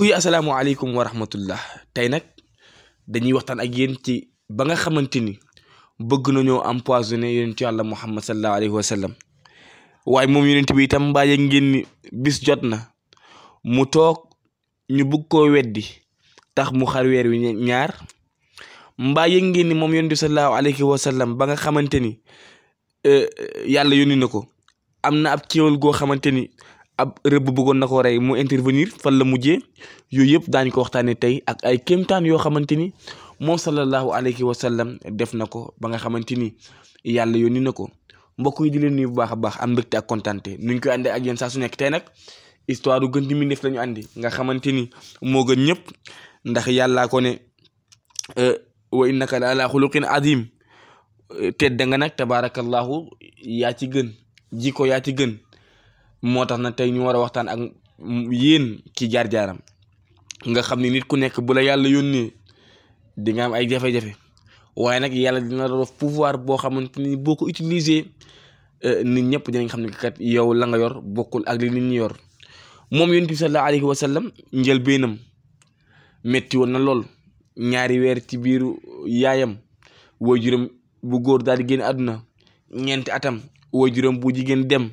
mbokk yi asalaamaaleykum wa rahmatullah tey nag dañuy waxtaan ak yéen ci ba nga xamante ni bëgg nañoo empoisonné yonentu yàlla muhammad sallallahu alayhi wa sallam waaye moom yonent bi itam ngeen bis jot na mu toog ñu bëgg koo weddi tax mu xar weer wi ñaar mbaa yëg ngeen ni moom yonent bi sallallahu alayhi wa sallam ba nga xamante ni euh, yàlla yónni na ko am na ab kéwal goo xamante ab rëbb bëggoon na ko rey mu intervenir fan la mujjee yooyu yëpp daañ ko waxtaanee tey ak ay kéemtaan yoo xamante ni moom sallallahu alayhi wa sallam def na ko ba nga xamante ni yàlla yónni na ko mbokk yi di leen nuyu bu baax a baax am mbégte ak nuñ koy àndee ak yéen saa su nekk tey nag histoire gën di mi def la ñu àndi nga xamante ni moo gën ñëpp ndax yàllaa ko ne euh, wa innaka la ala xuluqin azim tedd nga nag tabaarakallahu yaa ci gën jikko yaa ci gën. moo tax nag tey ñu war a waxtaan ak yéen ci jaar-jaaram nga xam ni nit ku nekk bula yàlla yónnee di nga am ay jafe-jafe waaye nag yàlla dina la pouvoir boo xamante ni boo ko utiliser euh, nit ñëpp dinañ xam ne kat yow la nga yor bokkul ak li nit ñi yor moom yonent bi sallallahu alayhi wa sallam njëlbéenam metti woon na lool ñaari weer ci biiru yaayam waajuram bu góor daal di génn àdduna ñeenti atam waajuram bu jigéen dem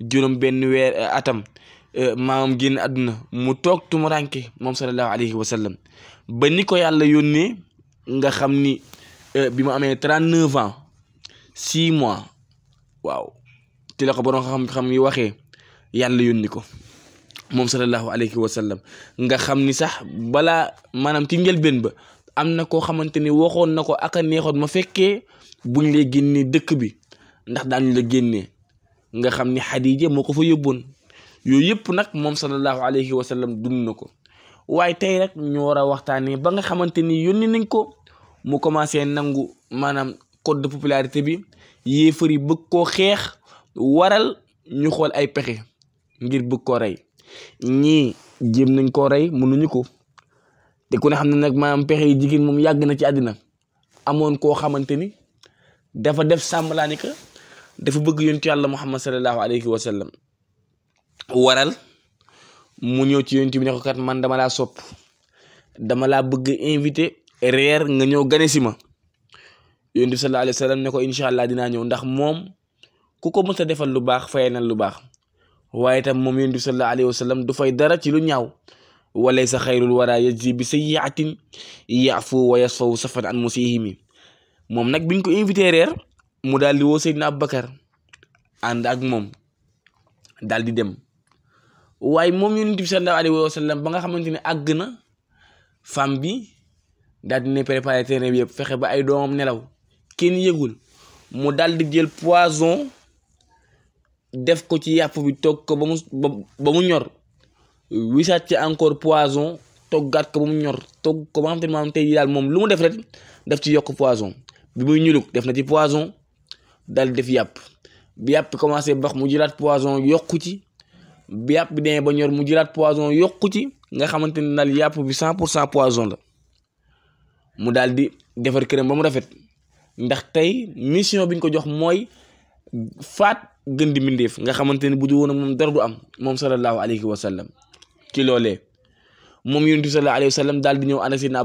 juróom benn weer eh, atam eh, maamam génn àdduna mu toog tumuranke moom sallallahu alayhi wa sallam ba ni ko yàlla yónnee nga xam ni eh, bi mu amee trente neuf ans mois waaw ti la ko xam-xam yi waxee yàlla yónni ko moom sallallahu alayhi wa sallam nga xam ni sax balaa maanaam ci njëlbéen ba am na koo xamante ni waxoon na ko ak a neexoon ma fekkee buñ lay génnee dëkk bi ndax daañu la génnee nga xam ni Xadiija moo ko fa yóbboon yooyu yëpp nag moom sallallahu alayhi wa sallam dund na ko waaye tey rek ñu war a waxtaanee ba nga xamante ni yónni nañ ko mu commencé nangu maanaam code de popularité bi yéefar yi bëgg koo xeex waral ñu xool ay pexe ngir bugg koo rey ñii jéem nañ koo rey mënuñu ko te ku ne xam ne nag maanaam pexe yi jigéen moom yàgg na ci àddina amoon koo xamante dafa def semblant ni dafa bëgg yontu yàlla muhammad sallallahu alayhi wa sallam waral mu ñëw ci yontu bi ne ko man dama laa sopp dama laa bëgg invité reer nga ñëw gane si ma yontu bi sallallahu alayhi wa incha allah dinaa ñëw ndax moom ku ko mës a defal lu baax fayee na lu baax waaye tam moom yontu bi sallallahu du fay dara ci lu ñaaw walay sa xayrul wara yajzi bi sayyiatin yafu wa yasfaw safan an musihimi moom nag biñ ko invité reer mu daal di woo Seydina Abubakar ànd ak moom daal di dem waaye moom yonent bi sallallahu alayhi wa sallam ba nga xamante ne agg na femme bi daldi di ne préparé terrain bi yëpp fexe ba ay doomam nelaw kenn yëgul mu daal di jël poison def ko ci yàpp bi togg ko ba mu ba mu ñor wisaat ci encore poison toggaat ko ba mu ñor togg ko ba nga xamante ne maanaam tey daal moom lu mu def rek daf ci yokk poison bi muy ñuluk def na ci poison daal def yàpp bi yàpp commencé bax mu jëlaat poisson yokku ci bi yàpp bi demee ba ñor mu jëlaat poisson yokku ci nga xamante ne daal yàpp bi cent pour cent poisson la mu daal di defar këram ba mu rafet ndax tey mission bi ñu ko jox mooy faat gën di mbindéef nga xamante ne bu du woon ak moom dara du am moom sallallahu alayhi wa sallam ci loolee moom yonent bi sallallahu alayhi wa sallam daal di ñëw ànd ak Seydina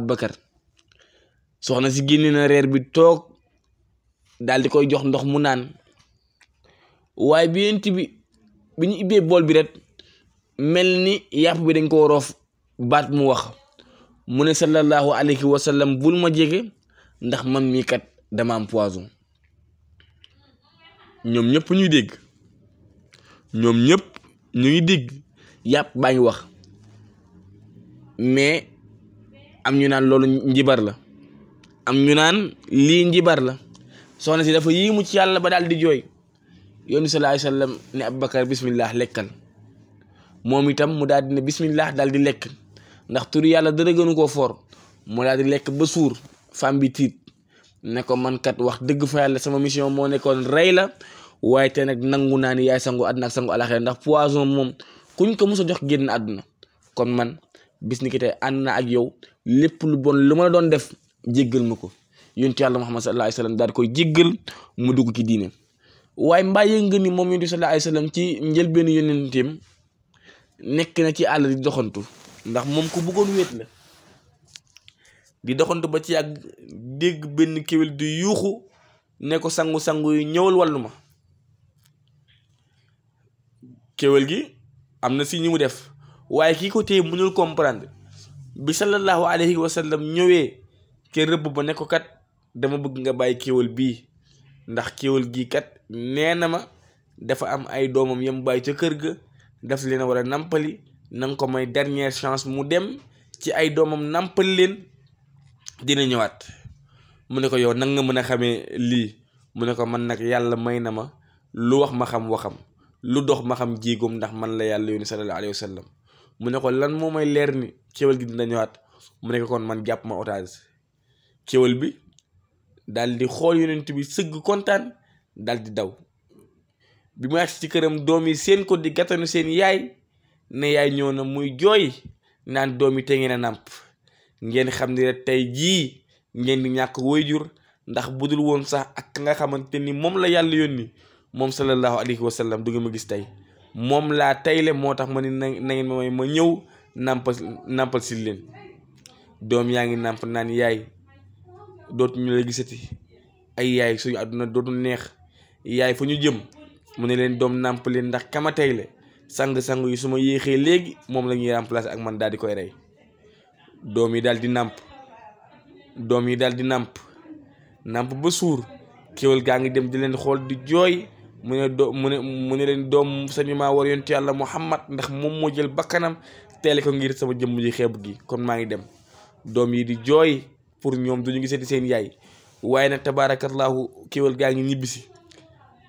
soxna si génne na reer bi toog daal koy jox ndox mu naan waaye bi yent bi bi ñu ibbee bool bi rek mel ni yàpp bi dañ ko waroof baat mu wax mu ne sallallahu alayhi wa sallam bul ma jege ndax man mii kat dama am poison ñoom ñëpp ñuy dégg ñoom ñëpp ñu ngi dégg yàpp baa wax mais am ñu naan loolu njibar la am ñu naan lii njibar la soxna si dafa yii mu ci yàlla ba daal di jooy yoonu sallallahu alayhi wasallam ne Abubakar bismillah lekkal moom itam mu daal di ne bismillah daal di lekk ndax turi yàlla dara gënu koo foor mu daal di lekk ba suur femme bi tiit ne ko man kat wax dëgg fa yàlla sama mission moo nekkoon rey la waaye te nag nangu naa ni yaay sangu àdduna ak sangu alaxira ndax poison moom kuñ ko mos a jox génn àdduna kon man bis ni ki tey ànd na ak yow lépp lu bon lu ma la doon def jéggal ma ko yonti yàlla Muhammad sallallahu alayhi wa sallam daal koy jéggal mu dugg ci diine waaye mbaa yëg nga ni moom yonti sallallahu alayhi wa sallam ci njëlbeen yonenteem nekk na ci àll di doxantu ndax moom ku bëggoon wéet la di doxantu ba ci ak dégg benn kéwél di yuuxu ne ko sangu-sangu yi ñëwal wallu ma kéwél gi am na si ñu mu def waaye kii ko téye mënul comprendre bi sallallahu alayhi wa sallam ñëwee ke rëbb ba ne dama bëgg nga bàyyi kéwal bii ndax kéwal gii kat nee na ma dafa am ay doomam yam bàyyi ca kër ga def leen war a nampali na nga ko may dernière chance mu dem ci ay doomam nampal leen dina ñëwaat mu ne ko yow nag nga mën a xame lii mu ne ko man nag yàlla may na ma lu wax ma xam waxam lu dox ma xam jéegoom ndax man la yàlla yónni sallallahu alayhi wa mu ne ko lan moo may leer ni kéwal gi dina ñëwaat mu ne ko kon man jàpp ma otage kéwal bi daal di xool yonent bi sëgg kontaan dal di daw bi mu agsi ci këram doom yi seen ko di gattanu seen yaay ne yaay ñëw na muy jooy naan doom yi te ngeen a nàmp ngeen xam ne tey jii ngeen di ñàkk waajur ndax budul woon sax ak nga xamante ni moom la yàlla yónni moom sallallahu alayhi wa sallam ma gis tey moom laa tayle moo tax ma ni na ma may ma ñëw nàmpal nàmpal si leen doom yaa ngi nàmp naan yaay dootuñu la gisati ay yaay suñu àdduna dootu neex yaay fa ñu jëm mu ne leen doom nàmp leen ndax kama tey la sang-sang yi su ma yéexee léegi moom la ñuy remplacer ak man daal di koy rey doom yi daal di nàmp doom yi daal di nàmp nàmp ba suur kéwél gaa ngi dem di leen xool di jooy mu ne do mu ne mu ne leen doom sañu maa war yontu yàlla Muhammad ndax moom moo jël bakkanam teele ko ngir sama jëmm ji xeeb gi kon maa ngi dem doom yi di jooy pour ñoom duñu gisati seen yaay waaye nag tabaarakallaahu kéwél gaa ngi ñibbi si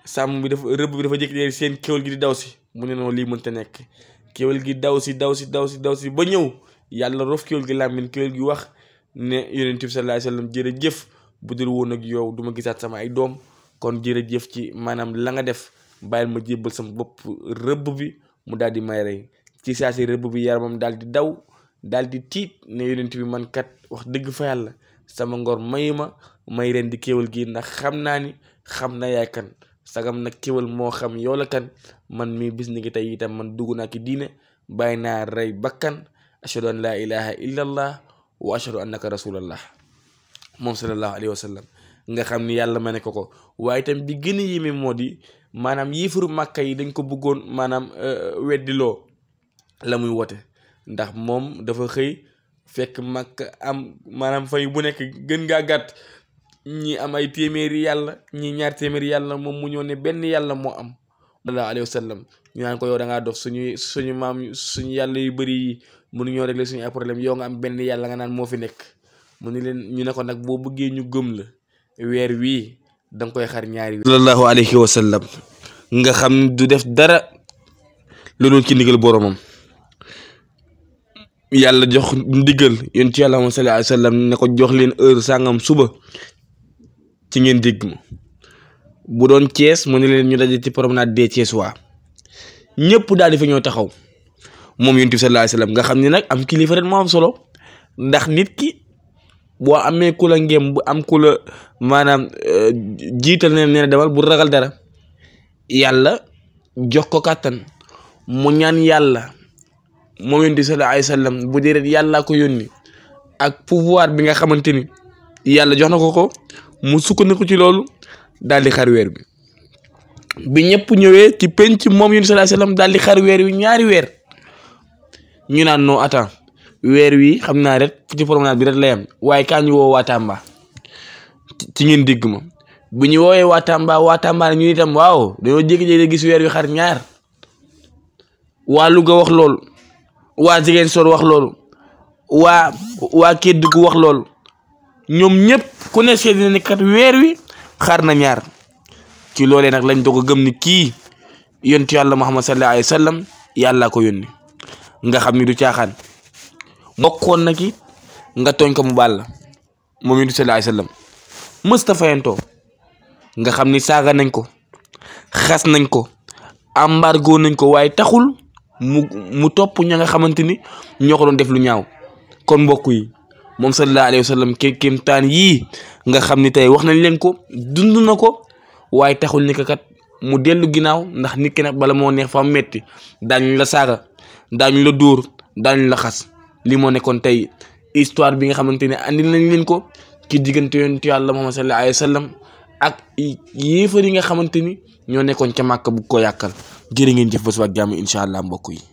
sàmm bi dafa rëbb bi dafa jékki seen kéwél gi di daw si mu ne noonu lii mënta nekk kéwél gi daw si daw si daw si daw si ba ñëw yàlla rof kéwél gi làmmiñ kéwél gi wax ne yonent bi sallallaahu alayhi wa sallam bu dul woon ak yow du ma gisaat sama ay doom kon jërëjëf ci maanaam la nga def bàyyil ma jébbal sama bopp rëbb bi mu daal di may rey ci saa si rëbb bi yaramam daal di daw daal di tiit ne yonent bi man kat wax dëgg fa yàlla sama ngor mayu ma may ren di kéwal gi ndax xam naa ni xam na yaay kan sagam nag kéwal moo xam yow kan man mii bis ni ki tey itam man dugg naa ki diine bàyyi naa rey bakkan ashhadu an laa ilaha illa allah wa ashhadu annaka rasulallah nga xam yàlla ma ne ko ko waaye itam bi gën a yéeme moo di maanaam yéefaru màkka yi dañ ko bëggoon maanaam euh, weddiloo la muy wote ndax moom dafa xëy fekk makk am maanaam fay bu nekk gën ngaa gàtt ñi am ay téeméeri yàlla ñii ñaar téeméeri yàlla moom mu ñëw ne benn yàlla moo am sallallahu alayhi wa sallam ñu naan ko yow da suñuy suñu maam suñu yàlla yu bëri yi mënu ñoo suñu ay problème yow nga am benn yàlla nga naan moo fi nekk mu ni leen ñu ne ko nag boo bëggee ñu gëm la weer wii danga koy xar ñaari weer sallallahu alayhi wa sallam nga xam du def dara lu dul ci ndigal boromam yàlla jox ndigal yonent yàlla moom sallallahu wa sallam ne ko jox leen heure sàngam suba ci ngeen dégg ma bu doon Thiès mu ne leen ñu daje ci promenade des Thiès waa ñëpp daal di fa ñoo taxaw moom yonent bi wa sallam nga xam ne nag am kilifa ren moo am solo ndax nit ki boo amee ku la ngem bu am kula la maanaam euh, jiital ne ne demal bu ragal dara yàlla jox ko kàttan mu ñaan yàlla. moom it di sallallahu alayhi wa bu dee rek yàllaa ko yónni ak pouvoir bi nga xamante ni yàlla jox na ko ko mu sukkandiku ci loolu daal di xar weer bi bi ñëpp ñëwee ci penc moom yónni sallallahu alayhi daal di xar weer wi ñaari weer ñu naan noo attends weer wi xam naa rek ci promenade bi rek la yem waaye kaa ñu woo waa Tamba ci ngeen digg ma ñu woowee waa Tamba waa Tamba ñu itam waaw dañoo jékki-jékki gis weer wi xar ñaar waa wax loolu. waa Ziguinchor wax loolu waa waa Kédougou wax lool ñoom ñëpp ku ne seet ni kat weer wi xaar na ñaar ci loolee nag lañ doog a gëm ni kii yontu yàlla Muhammad sallallahu alayhi wa sallam yàlla ko yónni nga xam ni du caaxaan bokkoon na ki nga tooñ ko mu baal la moom yontu sallallahu alayhi wa yentoo nga xam ni saaga nañ ko xas nañ ko embargo nañ ko waaye taxul mu mu topp ña nga xamante ni ñoo ko doon def lu ñaaw kon mbokk yi moom sallallahu alayhi wa sallam kéemtaan yii nga xam ni tey wax nañ leen ko dund na ko waaye taxul ni kat mu dellu ginnaaw ndax nit ki nag bala moo neex fa metti daañu la saaga daañu la dóor daañu la xas li moo nekkoon tey histoire bi nga xamante ne andi nañ leen ko ci diggante yoon yàlla Muhammad sallallahu alayhi wa sallam ak yéefar nga xamante ñoo nekkoon ca màkk bu ko yàkkal jërë ngeen jëf ba suba jàmm incha allah mbokk yi.